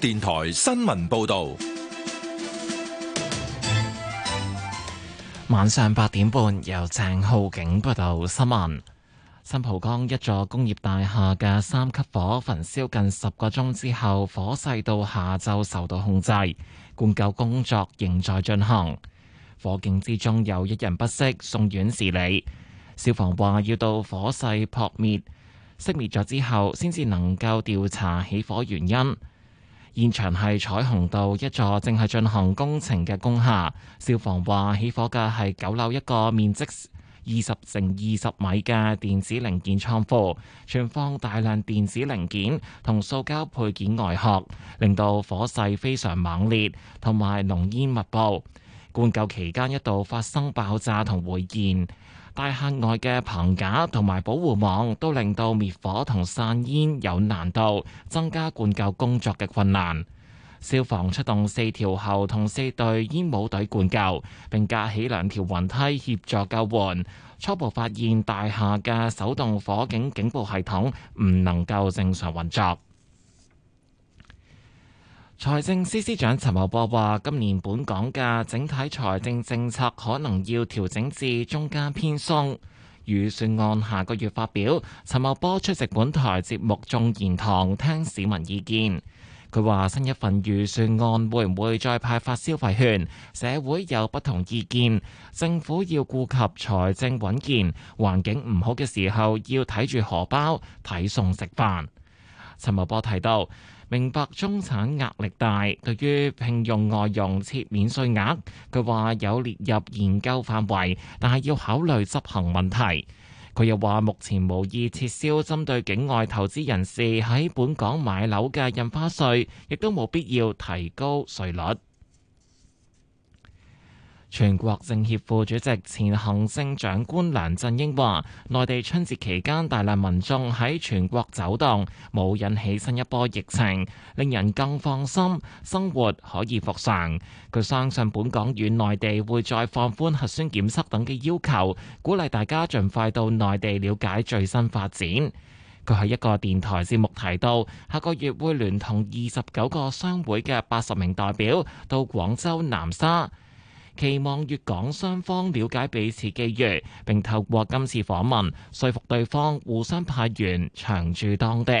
電台新聞報道，晚上八點半由鄭浩景報道新聞。新蒲崗一座工業大廈嘅三級火焚燒近十個鐘之後，火勢到下晝受到控制，灌救工作仍在進行。火警之中有一人不適，送院治理。消防話要到火勢撲滅熄滅咗之後，先至能夠調查起火原因。現場係彩虹道一座正係進行工程嘅工廈，消防話起火嘅係九樓一個面積二十乘二十米嘅電子零件倉庫，存放大量電子零件同塑膠配件外殼，令到火勢非常猛烈，同埋濃煙密布。灌救期間一度發生爆炸同回燃。大廈外嘅棚架同埋保護網都令到滅火同散煙有難度，增加灌救工作嘅困難。消防出動四條喉同四隊煙隊煙霧隊灌救，並架起兩條雲梯協助救援。初步發現大廈嘅手動火警警報系統唔能夠正常運作。財政司司長陳茂波話，今年本港嘅整體財政政策可能要調整至中間偏鬆。預算案下個月發表。陳茂波出席本台節目《眾言堂》，聽市民意見。佢話：新一份預算案會唔會再派發消費券？社會有不同意見，政府要顧及財政穩健。環境唔好嘅時候，要睇住荷包，睇餸食飯。陳茂波提到，明白中產壓力大，對於聘用外傭設免稅額，佢話有列入研究範圍，但係要考慮執行問題。佢又話，目前無意撤銷針對境外投資人士喺本港買樓嘅印花稅，亦都冇必要提高稅率。全國政協副主席、前行政長官梁振英話，內地春節期間大量民眾喺全國走動，冇引起新一波疫情，令人更放心，生活可以復常。佢相信本港與內地會再放寬核酸檢測等嘅要求，鼓勵大家盡快到內地了解最新發展。佢喺一個電台節目提到，下個月會聯同二十九個商會嘅八十名代表到廣州南沙。期望粵港雙方了解彼此機遇，並透過今次訪問說服對方互相派員長駐當地。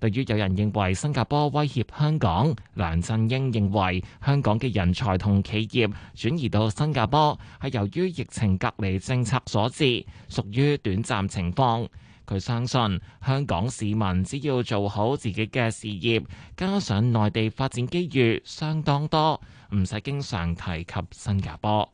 對於有人認為新加坡威脅香港，梁振英認為香港嘅人才同企業轉移到新加坡係由於疫情隔離政策所致，屬於短暫情況。佢相信香港市民只要做好自己嘅事業，加上內地發展機遇相當多，唔使經常提及新加坡。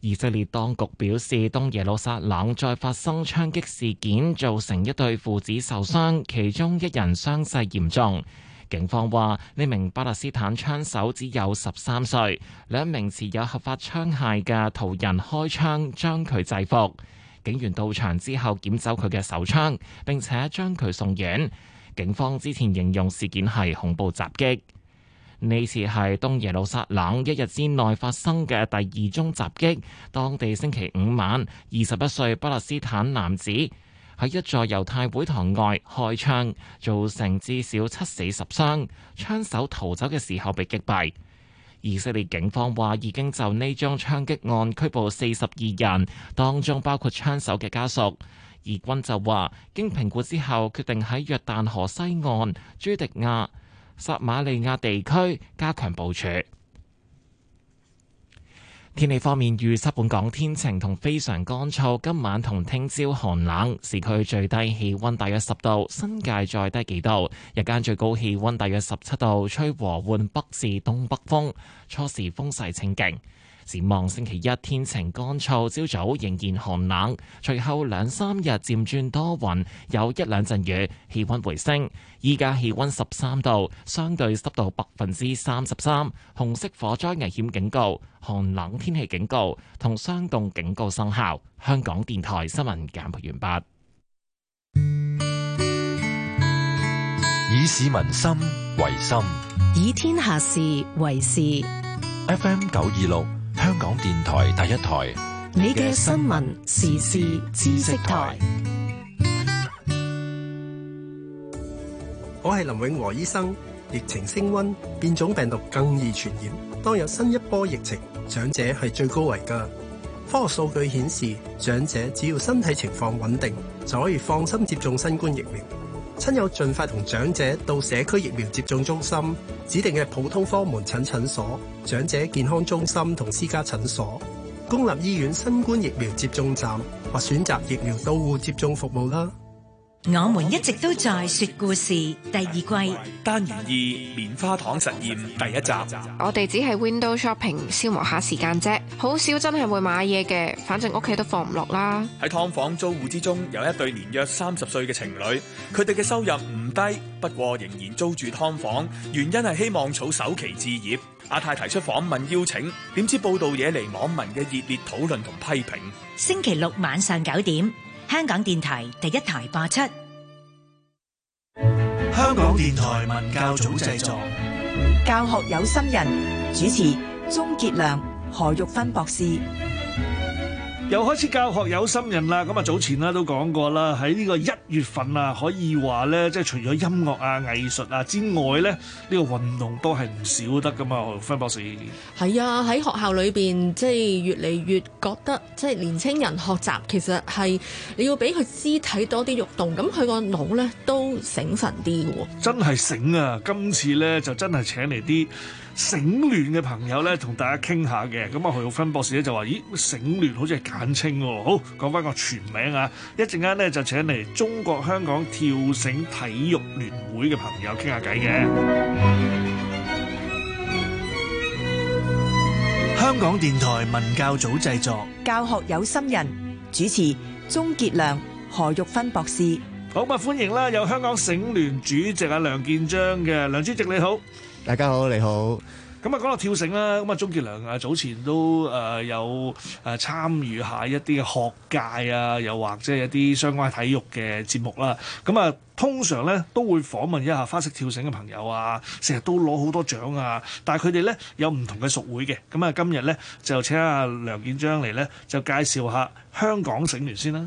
以色列當局表示，東耶路撒冷再發生槍擊事件，造成一對父子受傷，其中一人傷勢嚴重。警方話呢名巴勒斯坦槍手只有十三歲，兩名持有合法槍械嘅途人開槍將佢制服。警員到場之後撿走佢嘅手槍，並且將佢送院。警方之前形容事件係恐怖襲擊，呢次係東耶路撒冷一日之內發生嘅第二宗襲擊。當地星期五晚，二十一歲巴勒斯坦男子喺一座猶太會堂外開槍，造成至少七死十傷，槍手逃走嘅時候被擊斃。以色列警方話已經就呢宗槍擊案拘捕四十二人，當中包括槍手嘅家屬。以軍就話經評估之後，決定喺約旦河西岸、朱迪亞、撒瑪利亞地區加強部署。天氣方面，預測本港天晴同非常乾燥，今晚同聽朝寒冷，市區最低氣溫大約十度，新界再低幾度，日間最高氣溫大約十七度，吹和緩北至東北風，初時風勢清勁。展望星期一天晴乾燥，朝早仍然寒冷，隨後兩三日漸轉多雲，有一兩陣雨，氣溫回升。依家氣溫十三度，相對濕度百分之三十三，紅色火災危險警告、寒冷天氣警告同霜凍警告生效。香港電台新聞簡報完畢。以市民心為心，以天下事為事。F.M. 九二六。香港電台第一台，你嘅新聞時事知識台。我係林永和醫生，疫情升溫，變種病毒更易傳染。當有新一波疫情，長者係最高危噶。科學數據顯示，長者只要身體情況穩定，就可以放心接種新冠疫苗。親友盡快同長者到社區疫苗接種中心、指定嘅普通科門診診所、長者健康中心同私家診所、公立醫院新冠疫苗接種站或選擇疫苗到戶接種服務啦。我們一直都在說故事第二季，單元二棉花糖實驗第一集。我哋只係 window shopping 消磨下時間啫，好少真係會買嘢嘅，反正屋企都放唔落啦。喺劏房租戶之中，有一對年約三十歲嘅情侶，佢哋嘅收入唔低，不過仍然租住劏房，原因係希望儲首期置業。阿泰提出訪問邀請，點知報道惹嚟網民嘅熱烈討論同批評。星期六晚上九點。香港電台第一台播出。香港電台文教組製作，教學有心人主持，鍾杰良、何玉芬博士。又開始教學有心人啦！咁啊早前啦都講過啦，喺呢個一月份啊，可以話咧，即係除咗音樂啊、藝術啊之外咧，呢個運動都係唔少得噶嘛，芬博士。係啊，喺學校裏邊即係越嚟越覺得，即係年青人學習其實係你要俾佢肢體多啲肉動，咁佢個腦咧都醒神啲嘅喎。真係醒啊！今次咧就真係請嚟啲。醒聯嘅朋友咧，同大家傾下嘅。咁啊，何玉芬博士咧就話：咦，醒聯好似係簡稱喎，啊。好，講翻個全名啊！一陣間咧就請嚟中國香港跳繩體育聯會嘅朋友傾下偈嘅。香港電台文教組製作，教學有心人主持，鍾杰良、何玉芬博士。好啊，歡迎啦！有香港醒聯主席啊，梁建璋嘅梁主席，你好。大家好，你好。咁啊，講落跳繩啦。咁啊，鍾傑良啊，早前都誒有誒參與下一啲嘅學界啊，又或者一啲相關嘅體育嘅節目啦。咁啊，通常咧都會訪問一下花式跳繩嘅朋友啊，成日都攞好多獎啊。但係佢哋咧有唔同嘅熟會嘅。咁啊，今日咧就請阿梁建璋嚟咧就介紹下香港繩聯先啦。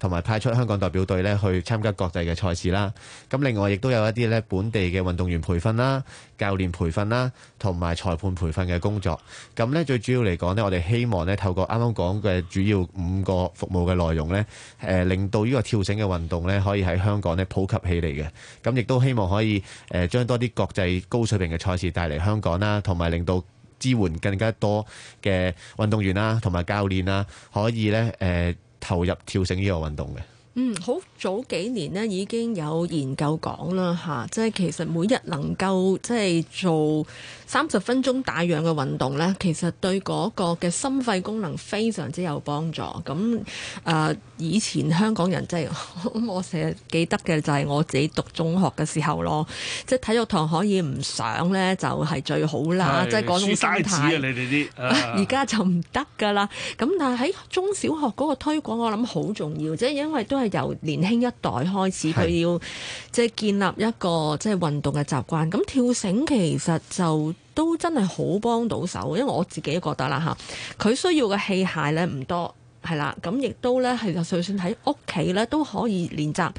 同埋派出香港代表隊咧去參加國際嘅賽事啦。咁另外亦都有一啲咧本地嘅運動員培訓啦、教練培訓啦、同埋裁判培訓嘅工作。咁咧最主要嚟講咧，我哋希望咧透過啱啱講嘅主要五個服務嘅內容咧，誒令到呢個跳繩嘅運動咧可以喺香港咧普及起嚟嘅。咁亦都希望可以誒將多啲國際高水平嘅賽事帶嚟香港啦，同埋令到支援更加多嘅運動員啦，同埋教練啦，可以咧誒，投入跳繩呢個運動嘅。嗯，好早幾年咧，已經有研究講啦吓，即係其實每日能夠即係做三十分鐘帶氧嘅運動咧，其實對嗰個嘅心肺功能非常之有幫助。咁誒、呃、以前香港人即係 我成日記得嘅就係我自己讀中學嘅時候咯，即係體育堂可以唔上咧就係、是、最好啦，哎、即係嗰種，曬啊你哋啲，而、uh、家就唔得噶啦。咁但係喺中小學嗰個推廣，我諗好重要，即係因為都係。由年輕一代開始，佢是要即係建立一個即係運動嘅習慣。咁跳繩其實就都真係好幫到手，因為我自己覺得啦嚇，佢、啊、需要嘅器械咧唔多，係啦，咁亦都咧係就算喺屋企咧都可以練習，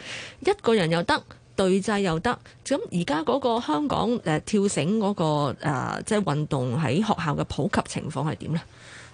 一個人又得，對制又得。咁而家嗰個香港誒、呃、跳繩嗰、那個、呃、即係運動喺學校嘅普及情況係點咧？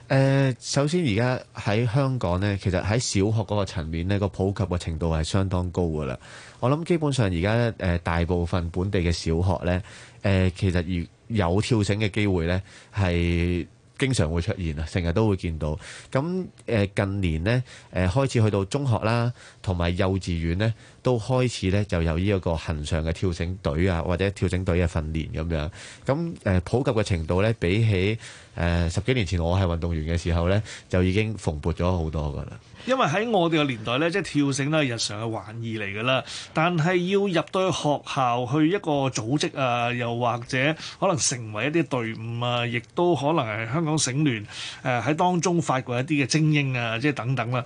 誒，首先而家喺香港呢，其實喺小學嗰個層面呢，個普及嘅程度係相當高噶啦。我諗基本上而家誒大部分本地嘅小學呢，誒其實如有跳繩嘅機會呢，係經常會出現啊，成日都會見到。咁誒近年呢，誒開始去到中學啦，同埋幼稚園呢。都開始咧就有呢一個恆常嘅跳繩隊啊，或者跳繩隊嘅訓練咁樣。咁誒普及嘅程度咧，比起誒十幾年前我係運動員嘅時候咧，就已經蓬勃咗好多噶啦。因為喺我哋個年代咧，即係跳繩咧係日常嘅玩意嚟噶啦。但係要入到去學校去一個組織啊，又或者可能成為一啲隊伍啊，亦都可能係香港繩聯誒喺當中發掘一啲嘅精英啊，即係等等啦。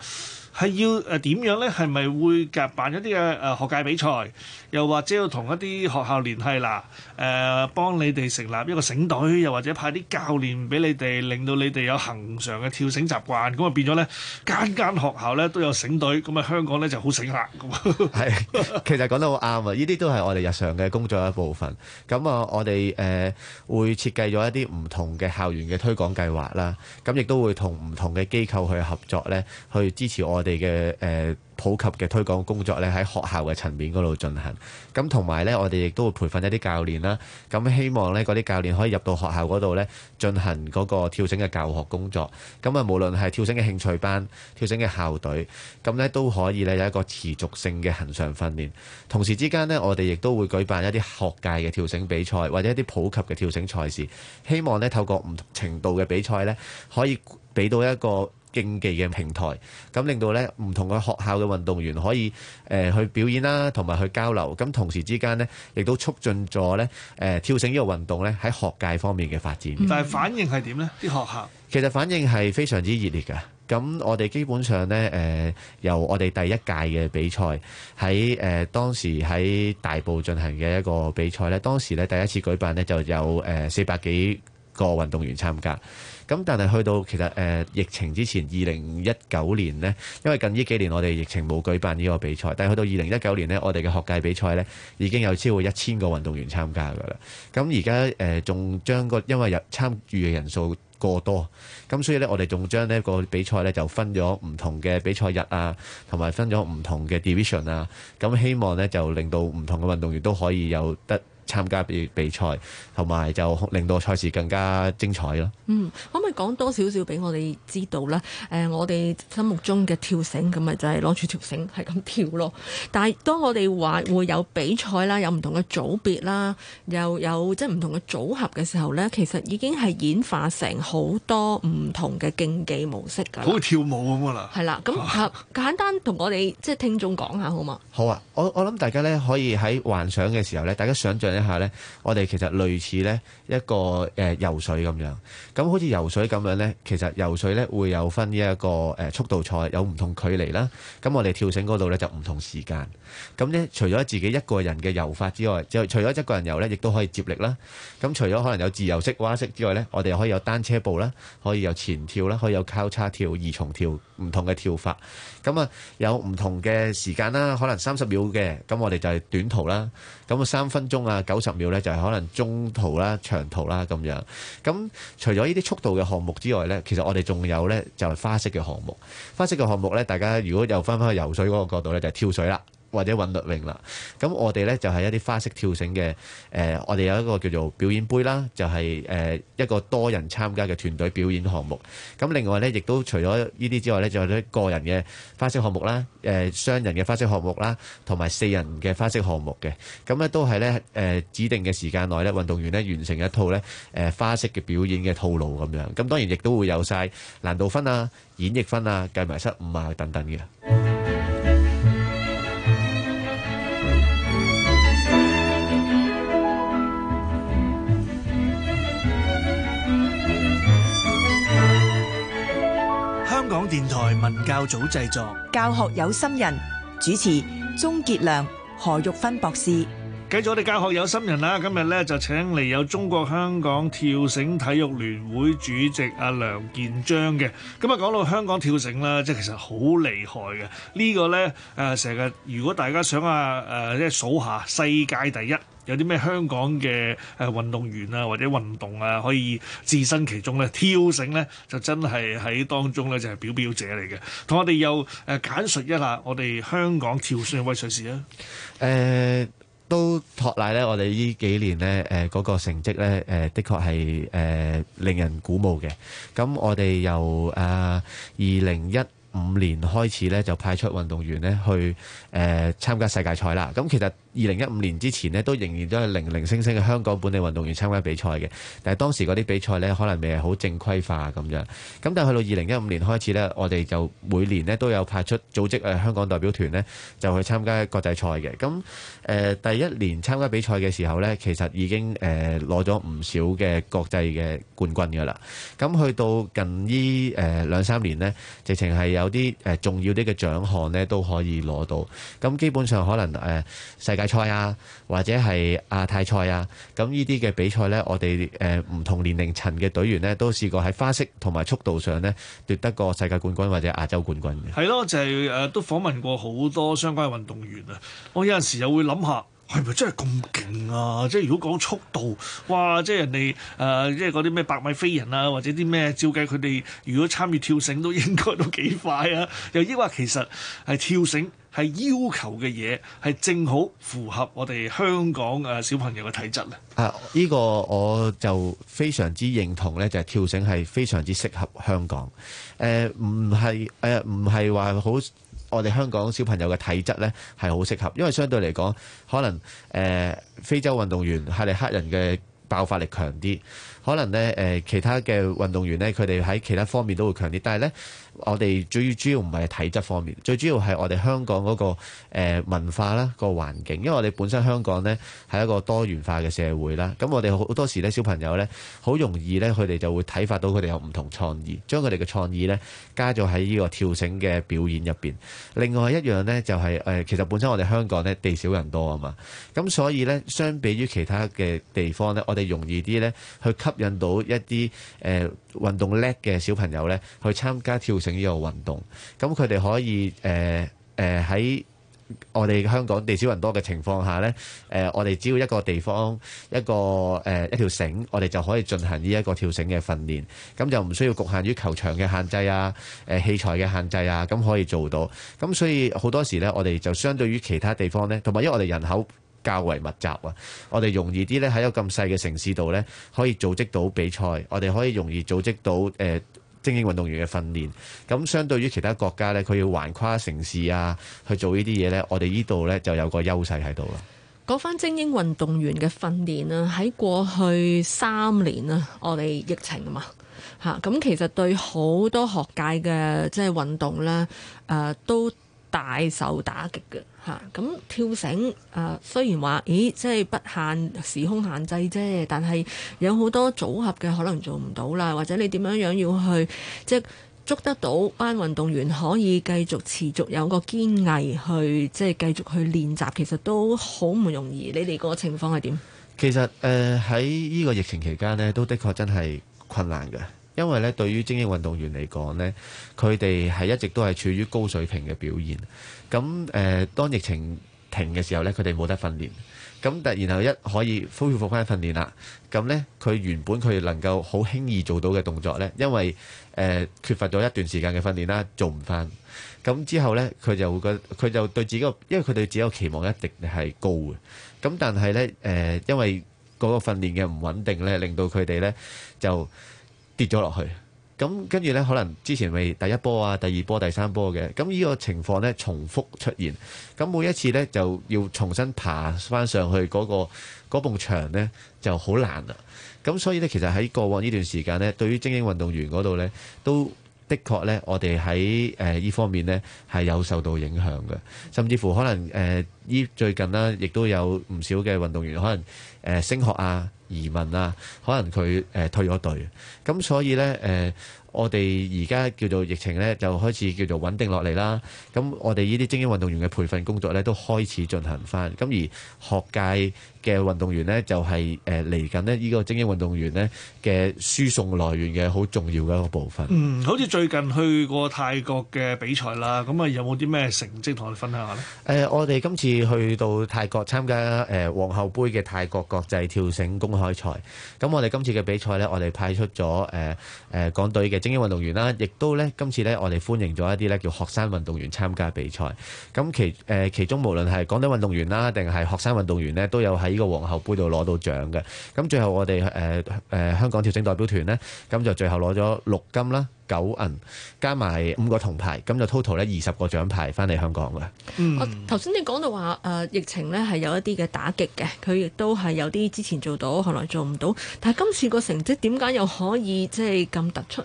係要誒點樣咧？係咪會夾辦一啲嘅誒學界比賽，又或者要同一啲學校聯繫啦？誒，幫你哋成立一個繩隊，又或者派啲教練俾你哋，令到你哋有恆常嘅跳繩習慣。咁啊變咗咧，間間學校咧都有繩隊，咁啊香港咧就好醒啦。咁啊，係，其實講得好啱啊！呢啲都係我哋日常嘅工作一部分。咁啊，我哋誒會設計咗一啲唔同嘅校園嘅推廣計劃啦。咁亦都會同唔同嘅機構去合作咧，去支持我。我哋嘅誒普及嘅推廣工作咧，喺學校嘅層面嗰度進行。咁同埋咧，我哋亦都會培訓一啲教練啦。咁希望咧，嗰啲教練可以入到學校嗰度咧，進行嗰個跳繩嘅教學工作。咁啊，無論係跳繩嘅興趣班、跳繩嘅校隊，咁咧都可以咧有一個持續性嘅恒常訓練。同時之間呢，我哋亦都會舉辦一啲學界嘅跳繩比賽，或者一啲普及嘅跳繩賽事。希望咧透過唔同程度嘅比賽咧，可以俾到一個。競技嘅平台，咁令到咧唔同嘅學校嘅運動員可以誒去表演啦，同埋去交流。咁同時之間咧，亦都促進咗咧誒跳繩呢個運動咧喺學界方面嘅發展。但係反應係點咧？啲學校其實反應係非常之熱烈嘅。咁我哋基本上咧誒，由我哋第一屆嘅比賽喺誒當時喺大埔進行嘅一個比賽咧，當時咧第一次舉辦咧就有誒四百幾個運動員參加。咁但係去到其實誒、呃、疫情之前，二零一九年呢，因為近呢幾年我哋疫情冇舉辦呢個比賽，但係去到二零一九年呢，我哋嘅學界比賽呢已經有超過一千個運動員參加㗎啦。咁而家誒仲將個因為有參與嘅人數過多，咁所以呢，我哋仲將呢個比賽呢就分咗唔同嘅比賽日啊，同埋分咗唔同嘅 division 啊。咁希望呢就令到唔同嘅運動員都可以有得。參加比比賽，同埋就令到賽事更加精彩咯。嗯，可唔可以講多少少俾我哋知道咧？誒、呃，我哋心目中嘅跳繩咁咪就係攞住條繩係咁跳咯。但係當我哋話會有比賽啦，有唔同嘅組別啦，又有即係唔同嘅組合嘅時候咧，其實已經係演化成好多唔同嘅競技模式㗎。好似跳舞咁㗎啦。係啦，咁唉簡單同我哋即係聽眾講下好嗎？好啊，我我諗大家咧可以喺幻想嘅時候咧，大家想象下咧，我哋其實類似咧一個誒游水咁樣，咁好似游水咁樣咧，其實游水咧會有分呢一個誒速度賽，有唔同距離啦。咁我哋跳繩嗰度咧就唔同時間。咁咧，除咗自己一個人嘅游法之外，就除咗一個人游咧，亦都可以接力啦。咁除咗可能有自由式、蛙式之外咧，我哋可以有單車步啦，可以有前跳啦，可以有交叉跳、二重跳，唔同嘅跳法。咁啊，有唔同嘅時間啦，可能三十秒嘅，咁我哋就係短途啦。咁啊，三分鐘啊，九十秒呢，就係可能中途啦、長途啦咁樣。咁除咗呢啲速度嘅項目之外呢，其實我哋仲有呢，就係花式嘅項目。花式嘅項目呢，大家如果又翻翻去游水嗰個角度呢，就係跳水啦。或者韻律泳啦，咁我哋咧就係一啲花式跳繩嘅，誒我哋有一個叫做表演杯啦，就係誒一個多人參加嘅團隊表演項目。咁另外咧，亦都除咗呢啲之外咧，仲有啲個人嘅花式項目啦，誒雙人嘅花式項目啦，同埋四人嘅花式項目嘅。咁咧都係咧誒指定嘅時間內咧，運動員咧完成一套咧誒花式嘅表演嘅套路咁樣。咁當然亦都會有曬難度分啊、演繹分啊、計埋失誤啊等等嘅。香港電台文教組製作，教學有心人主持鍾傑良、何玉芬博士。繼續我哋教學有心人啦，今日咧就請嚟有中國香港跳繩體育聯會主席阿梁建璋嘅。咁啊，講到香港跳繩啦，即係其實好厲害嘅。呢個咧誒，成日如果大家想啊誒，即係數下世界第一。有啲咩香港嘅誒運動員啊，或者運動啊，可以置身其中咧？跳繩咧，就真係喺當中咧，就係表表者嚟嘅。同我哋又誒簡述一下我哋香港跳繩嘅威水史啊！誒，都托賴咧，我哋呢幾年咧，誒嗰個成績咧，誒，的確係誒令人鼓舞嘅。咁我哋由啊二零一五年開始咧，就派出運動員咧去誒參加世界賽啦。咁其實，二零一五年之前咧，都仍然都係零零星星嘅香港本地運動員參加比賽嘅。但係當時嗰啲比賽咧，可能未係好正規化咁樣。咁但係去到二零一五年開始咧，我哋就每年咧都有派出組織誒香港代表團咧，就去參加國際賽嘅。咁誒第一年參加比賽嘅時候咧，其實已經誒攞咗唔少嘅國際嘅冠軍㗎啦。咁去到近呢誒兩三年咧，直情係有啲誒重要啲嘅獎項咧都可以攞到。咁基本上可能誒世界大賽啊，或者係亞太賽啊，咁呢啲嘅比賽呢，我哋誒唔同年齡層嘅隊員呢，都試過喺花式同埋速度上呢，奪得過世界冠軍或者亞洲冠軍嘅。係咯，就係、是、誒、呃，都訪問過好多相關嘅運動員啊，我有陣時又會諗下。係咪真係咁勁啊？即係如果講速度，哇！即係人哋誒，即係嗰啲咩百米飛人啊，或者啲咩，照計佢哋如果參與跳繩，都應該都幾快啊！又抑或其實係跳繩係要求嘅嘢，係正好符合我哋香港嘅小朋友嘅體質啊？啊！呢個我就非常之認同咧，就係跳繩係非常之適合香港。誒，唔係誒，唔係話好。我哋香港小朋友嘅體質呢，係好適合，因為相對嚟講，可能誒、呃、非洲運動員係嚟黑人嘅爆發力強啲。可能咧，誒，其他嘅運動員咧，佢哋喺其他方面都會強啲，但係咧，我哋最主要唔係體質方面，最主要係我哋香港嗰個文化啦、個環境，因為我哋本身香港呢係一個多元化嘅社會啦，咁我哋好多時咧，小朋友呢好容易呢，佢哋就會睇發到佢哋有唔同創意，將佢哋嘅創意呢加咗喺呢個跳繩嘅表演入邊。另外一樣呢，就係誒，其實本身我哋香港呢地少人多啊嘛，咁所以呢，相比於其他嘅地方呢，我哋容易啲呢。去吸。吸引到一啲誒、呃、運動叻嘅小朋友咧，去參加跳繩呢個運動。咁佢哋可以誒誒喺我哋香港地少人多嘅情況下呢誒、呃、我哋只要一個地方一個誒、呃、一條繩，我哋就可以進行呢一個跳繩嘅訓練。咁就唔需要局限於球場嘅限制啊、誒、呃、器材嘅限制啊，咁可以做到。咁所以好多時呢，我哋就相對於其他地方呢，同埋因為我哋人口。較為密集啊！我哋容易啲咧喺一個咁細嘅城市度咧，可以組織到比賽。我哋可以容易組織到誒、呃、精英運動員嘅訓練。咁相對於其他國家咧，佢要橫跨城市啊去做呢啲嘢咧，我哋呢度咧就有個優勢喺度啦。講翻精英運動員嘅訓練啊，喺過去三年啊，我哋疫情啊嘛嚇，咁其實對好多學界嘅即係運動咧，誒、呃、都大受打擊嘅。嚇咁，嗯、跳繩誒、呃，雖然話咦，即係不限時空限制啫，但係有好多組合嘅可能做唔到啦，或者你點樣樣要去即係捉得到班運動員可以繼續持續有個堅毅去即係繼續去練習，其實都好唔容易。你哋個情況係點？其實誒喺呢個疫情期間呢，都的確真係困難嘅。因為咧，對於精英運動員嚟講咧，佢哋係一直都係處於高水平嘅表現。咁誒，當疫情停嘅時候咧，佢哋冇得訓練。咁突然後一可以恢復翻訓練啦。咁咧，佢原本佢能夠好輕易做到嘅動作咧，因為誒缺乏咗一段時間嘅訓練啦，做唔翻。咁之後咧，佢就會覺得佢就對自己個，因為佢對自己嘅期望一定係高嘅。咁但係咧，誒因為嗰個訓練嘅唔穩定咧，令到佢哋咧就。跌咗落去，咁跟住呢，可能之前咪第一波啊、第二波、第三波嘅，咁呢個情況呢，重複出現，咁每一次呢，就要重新爬翻上去嗰、嗰個嗰埲牆呢，就好難啦。咁所以呢，其實喺過往呢段時間呢，對於精英運動員嗰度呢，都的確呢，我哋喺誒呢方面呢，係有受到影響嘅，甚至乎可能誒呢、呃、最近啦，亦都有唔少嘅運動員可能誒、呃、升學啊。移民啊，可能佢誒、呃、退咗隊，咁所以咧誒。呃我哋而家叫做疫情咧，就開始叫做穩定落嚟啦。咁我哋呢啲精英運動員嘅培訓工作咧，都開始進行翻。咁而學界嘅運動員咧，就係誒嚟緊咧呢個精英運動員咧嘅輸送來源嘅好重要嘅一個部分。嗯，好似最近去過泰國嘅比賽啦，咁啊有冇啲咩成績同我哋分享下咧？誒，我哋今次去到泰國參加誒皇后杯嘅泰國國際跳繩公開賽。咁我哋今次嘅比賽咧，我哋派出咗誒誒港隊嘅。精英運動員啦，亦都咧今次咧，我哋歡迎咗一啲咧叫學生運動員參加比賽。咁其誒、呃、其中無論係港隊運動員啦，定係學生運動員咧，都有喺呢個皇后杯度攞到獎嘅。咁最後我哋誒誒香港跳繩代表團咧，咁就最後攞咗六金啦。九銀加埋五個銅牌，咁就 total 咧二十個獎牌翻嚟香港嘅。嗯、我頭先你講到話誒、呃、疫情咧係有一啲嘅打擊嘅，佢亦都係有啲之前做到，後來做唔到，但係今次個成績點解又可以即係咁突出？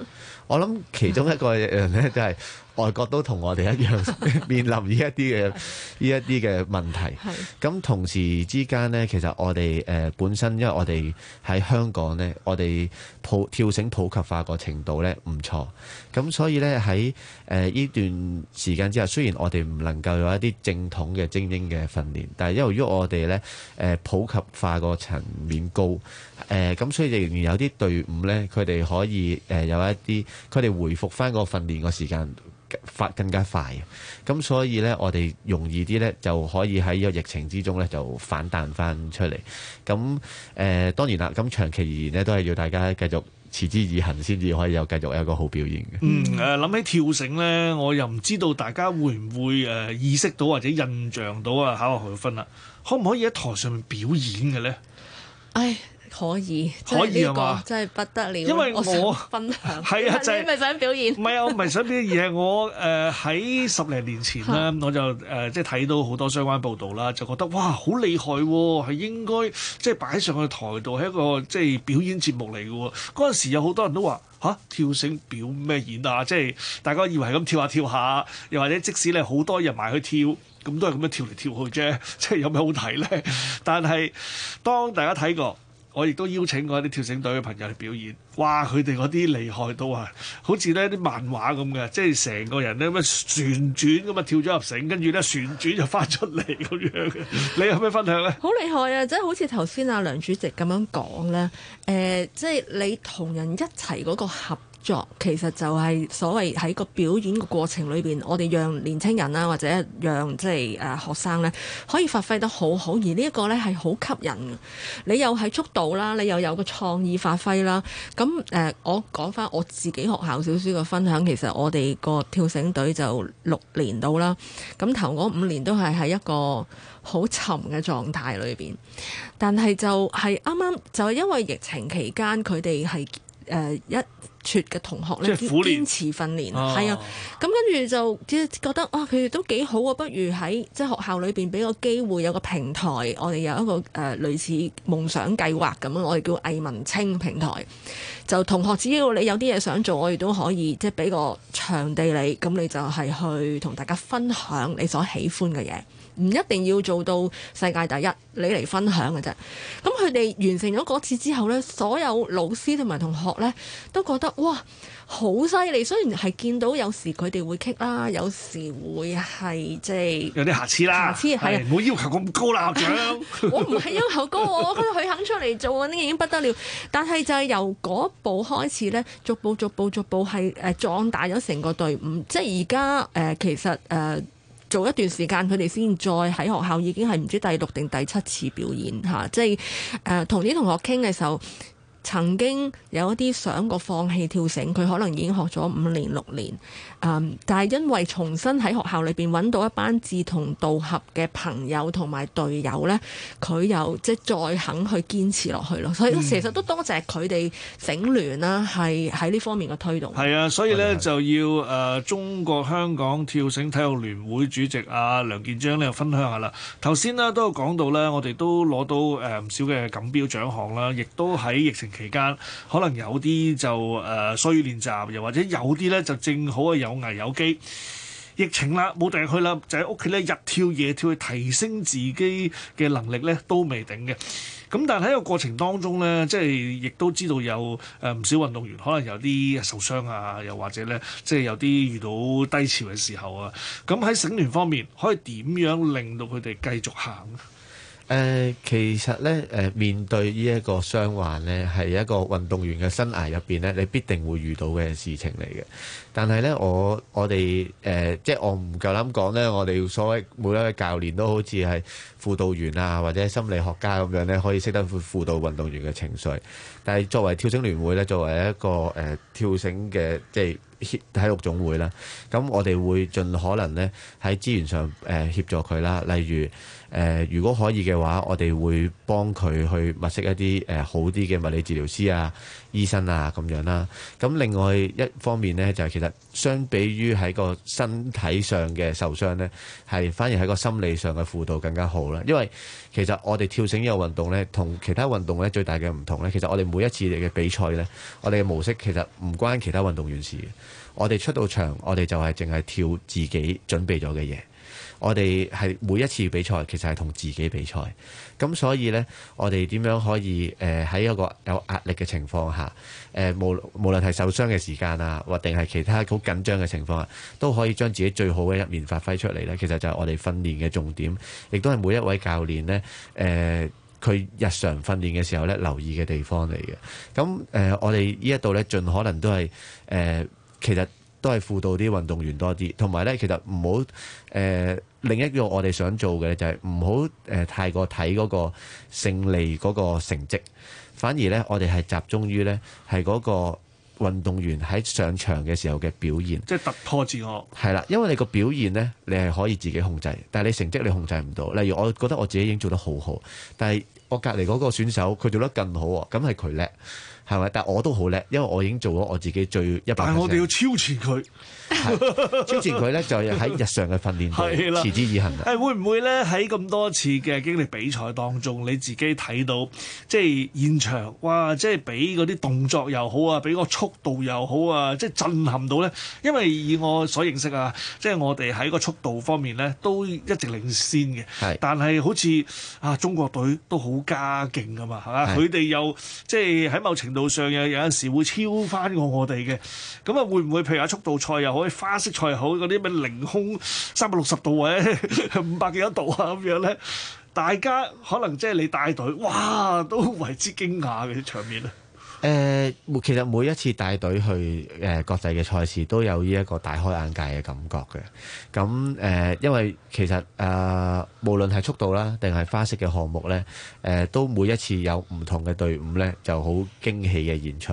我諗其中一個原因咧 就係、是，外國都同我哋一樣面臨依一啲嘅依一啲嘅問題。咁同時之間咧，其實我哋誒本身，因為我哋喺香港咧，我哋普跳繩普及化個程度咧唔錯。咁所以咧喺誒依段時間之後，雖然我哋唔能夠有一啲正統嘅精英嘅訓練，但係由於我哋咧誒普及化個層面高，誒咁所以仍然有啲隊伍咧，佢哋可以誒有一啲，佢哋回復翻個訓練個時間。發更加快，咁所以呢，我哋容易啲呢，就可以喺個疫情之中呢，就反彈翻出嚟。咁誒、呃，當然啦，咁長期而言呢，都係要大家繼續持之以恆，先至可以有繼續有一個好表現嘅。嗯，諗、呃、起跳繩呢，我又唔知道大家會唔會誒、呃、意識到或者印象到啊？考下何玉芬、啊、可唔可以喺台上面表演嘅呢？唉。可以，可以係嘛？真係不得了，因為我，我分享係啊，就你咪想表演？唔係啊，我唔係想表演，而係我誒喺十零年前咧，我就誒、uh, 即係睇到好多相關報導啦，就覺得哇好厲害喎、啊，係應該即係擺上去台度係一個即係表演節目嚟嘅。嗰陣時有好多人都話吓、啊，跳繩表咩演啊？即係大家以為係咁跳下跳下，又或者即使你好多人埋去跳，咁都係咁樣跳嚟跳去啫，即係有咩好睇咧？但係當大家睇過。我亦都邀請過一啲跳繩隊嘅朋友嚟表演，哇！佢哋嗰啲厲害到啊，好似呢啲漫畫咁嘅，即係成個人咧咩旋轉咁啊跳咗入繩，跟住咧旋轉就翻出嚟咁樣。你有咩分享咧？好厲害啊！即係好似頭先阿梁主席咁樣講咧，誒、呃，即係你同人一齊嗰個合。其實就係所謂喺個表演個過程裏邊，我哋讓年青人啦，或者讓即係誒學生呢，可以發揮得好好，而呢一個呢，係好吸引。你又係速度啦，你又有個創意發揮啦。咁誒、呃，我講翻我自己學校少少嘅分享，其實我哋個跳繩隊就六年到啦。咁頭嗰五年都係喺一個好沉嘅狀態裏邊，但係就係啱啱就係、是、因為疫情期間，佢哋係誒一。嘅同學咧，即係苦練，堅持訓練，係啊，啊，咁跟住就即係覺得哇，佢、啊、哋都幾好啊，不如喺即係學校裏邊俾個機會，有個平台，我哋有一個誒、呃、類似夢想計劃咁啊，我哋叫藝文青平台。就同學只要你有啲嘢想做，我哋都可以即係俾個場地你，咁你就係去同大家分享你所喜歡嘅嘢，唔一定要做到世界第一。你嚟分享嘅啫，咁佢哋完成咗嗰次之後咧，所有老師同埋同學咧都覺得哇，好犀利，雖然係見到有時佢哋會棘啦，有時會係即係有啲瑕疵啦，瑕疵係唔好要求咁高啦、啊，校長。我唔係要求高，我覺得佢肯出嚟做呢個已經不得了。但係就係由嗰步開始咧，逐步逐步逐步係誒壯大咗成個隊伍，即係而家誒其實誒。呃做一段時間，佢哋先再喺學校已經係唔知第六定第七次表演嚇、啊，即係誒、呃、同啲同學傾嘅時候，曾經有一啲想過放棄跳繩，佢可能已經學咗五年六年。誒，um, 但係因為重新喺學校裏邊揾到一班志同道合嘅朋友同埋隊友呢，佢又即係再肯去堅持落去咯。所以其實都多謝佢哋整聯啦，係喺呢方面嘅推動。係啊，所以呢的就要誒、呃、中國香港跳繩體育聯會主席阿、啊、梁建璋咧，分享下啦。頭先呢都有講到呢，我哋都攞到誒唔、呃、少嘅錦標獎項啦，亦都喺疫情期間，可能有啲就誒需要練習，又或者有啲呢就正好嘅。有危有機，疫情啦，冇定去啦，就喺屋企咧，日跳夜跳去提升自己嘅能力咧，都未定嘅。咁但係喺個過程當中咧，即係亦都知道有誒唔、呃、少運動員可能有啲受傷啊，又或者咧即係有啲遇到低潮嘅時候啊。咁喺繩聯方面，可以點樣令到佢哋繼續行？誒、呃，其實咧，誒、呃，面對傷呢一個傷患咧，係一個運動員嘅生涯入邊咧，你必定會遇到嘅事情嚟嘅。但係咧，我我哋誒即係我唔夠膽講咧。我哋，呃、所謂每一位教練都好似係輔導員啊，或者心理學家咁樣咧，可以識得輔導運動員嘅情緒。但係作為跳繩聯會咧，作為一個誒、呃、跳繩嘅即係體育總會啦，咁我哋會盡可能咧喺資源上誒、呃、協助佢啦。例如誒、呃、如果可以嘅話，我哋會幫佢去物色一啲誒、呃、好啲嘅物理治療師啊、醫生啊咁樣啦。咁另外一方面咧，就係，是。其實。相比於喺個身體上嘅受傷呢，係反而喺個心理上嘅輔導更加好啦。因為其實我哋跳繩呢個運動呢，同其他運動呢最大嘅唔同呢，其實我哋每一次嚟嘅比賽呢，我哋嘅模式其實唔關其他運動員事。我哋出到場，我哋就係淨係跳自己準備咗嘅嘢。我哋係每一次比賽，其實係同自己比賽。咁所以呢，我哋點樣可以誒喺、呃、一個有壓力嘅情況下，誒、呃、無無論係受傷嘅時間啊，或定係其他好緊張嘅情況下，都可以將自己最好嘅一面發揮出嚟呢？其實就係我哋訓練嘅重點，亦都係每一位教練呢，誒、呃，佢日常訓練嘅時候呢，留意嘅地方嚟嘅。咁誒、呃，我哋呢一度呢，盡可能都係誒、呃，其實。都係輔導啲運動員多啲，同埋呢其實唔好誒。另一個我哋想做嘅呢，就係唔好誒太過睇嗰個勝利嗰個成績，反而呢，我哋係集中於呢，係嗰個運動員喺上場嘅時候嘅表現，即係突破自我。係啦，因為你個表現呢，你係可以自己控制，但係你成績你控制唔到。例如，我覺得我自己已經做得好好，但係我隔離嗰個選手佢做得更好喎，咁係佢叻。係咪？但我都好叻，因為我已經做咗我自己最一百。但我哋要超前佢 超前佢咧就喺日常嘅訓練， 啦持之以恆。啦。誒，會唔會咧喺咁多次嘅經歷比賽當中，你自己睇到即係現場，哇！即係俾嗰啲動作又好啊，俾個速度又好啊，即係震撼到咧。因為以我所認識啊，即係我哋喺個速度方面咧都一直領先嘅。是但係好似啊中國隊都好加勁㗎嘛，係、啊、嘛？佢哋又即係喺某程。路上有有陣時會超翻過我哋嘅。咁啊會唔會譬如話速度賽又好，花式賽又好，嗰啲咩凌空三百六十度或者五百幾一度啊咁樣咧？大家可能即係你帶隊，哇都為之驚訝嘅啲場面啊！誒，其實每一次帶隊去誒、呃、國際嘅賽事，都有呢一個大開眼界嘅感覺嘅。咁誒、呃，因為其實誒、呃，無論係速度啦，定係花式嘅項目呢，誒、呃，都每一次有唔同嘅隊伍呢，就好驚喜嘅演出。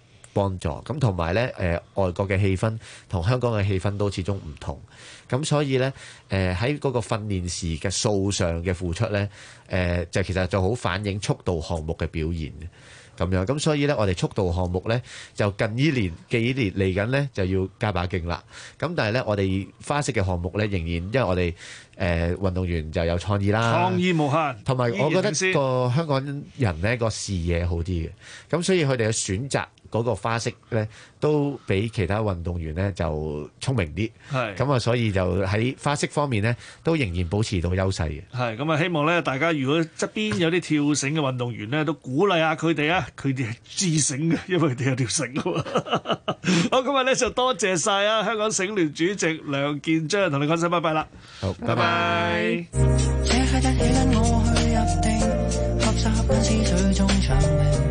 幫助，咁同埋咧，誒外國嘅氣氛同香港嘅氣氛都始終唔同，咁所以咧，誒喺嗰個訓練時嘅數上嘅付出咧，誒就其實就好反映速度項目嘅表現嘅咁樣，咁所以咧，我哋速度項目咧就近依年幾年嚟緊咧就要加把勁啦。咁但係咧，我哋花式嘅項目咧仍然因為我哋誒運動員就有創意啦，創意無限，同埋我覺得個香港人咧個視野好啲嘅，咁所以佢哋嘅選擇。嗰個花式咧都比其他運動員咧就聰明啲，咁啊是、嗯、所以就喺花式方面咧都仍然保持到優勢嘅。係咁啊，希望咧大家如果側邊有啲跳繩嘅運動員咧，都鼓勵下佢哋啊，佢哋係支繩嘅，因為佢哋有條繩嘅。 好，今日咧就多謝晒啊！香港繩聯主席梁建璋同你講聲拜拜啦。好，拜拜 bye。Bye bye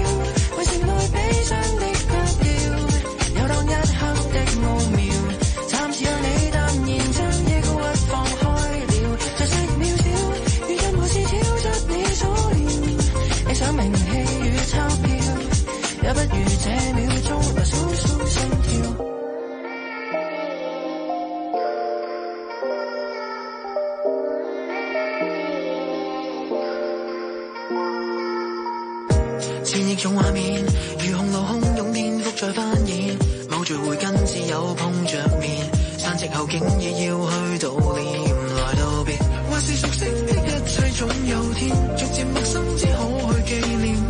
千億種畫面，如洪流洶湧，顛覆再翻演。某聚會，跟摯友碰着面，散席後竟已要去悼念來道別，或是熟悉的一切，總有天逐漸陌生，只好去紀念。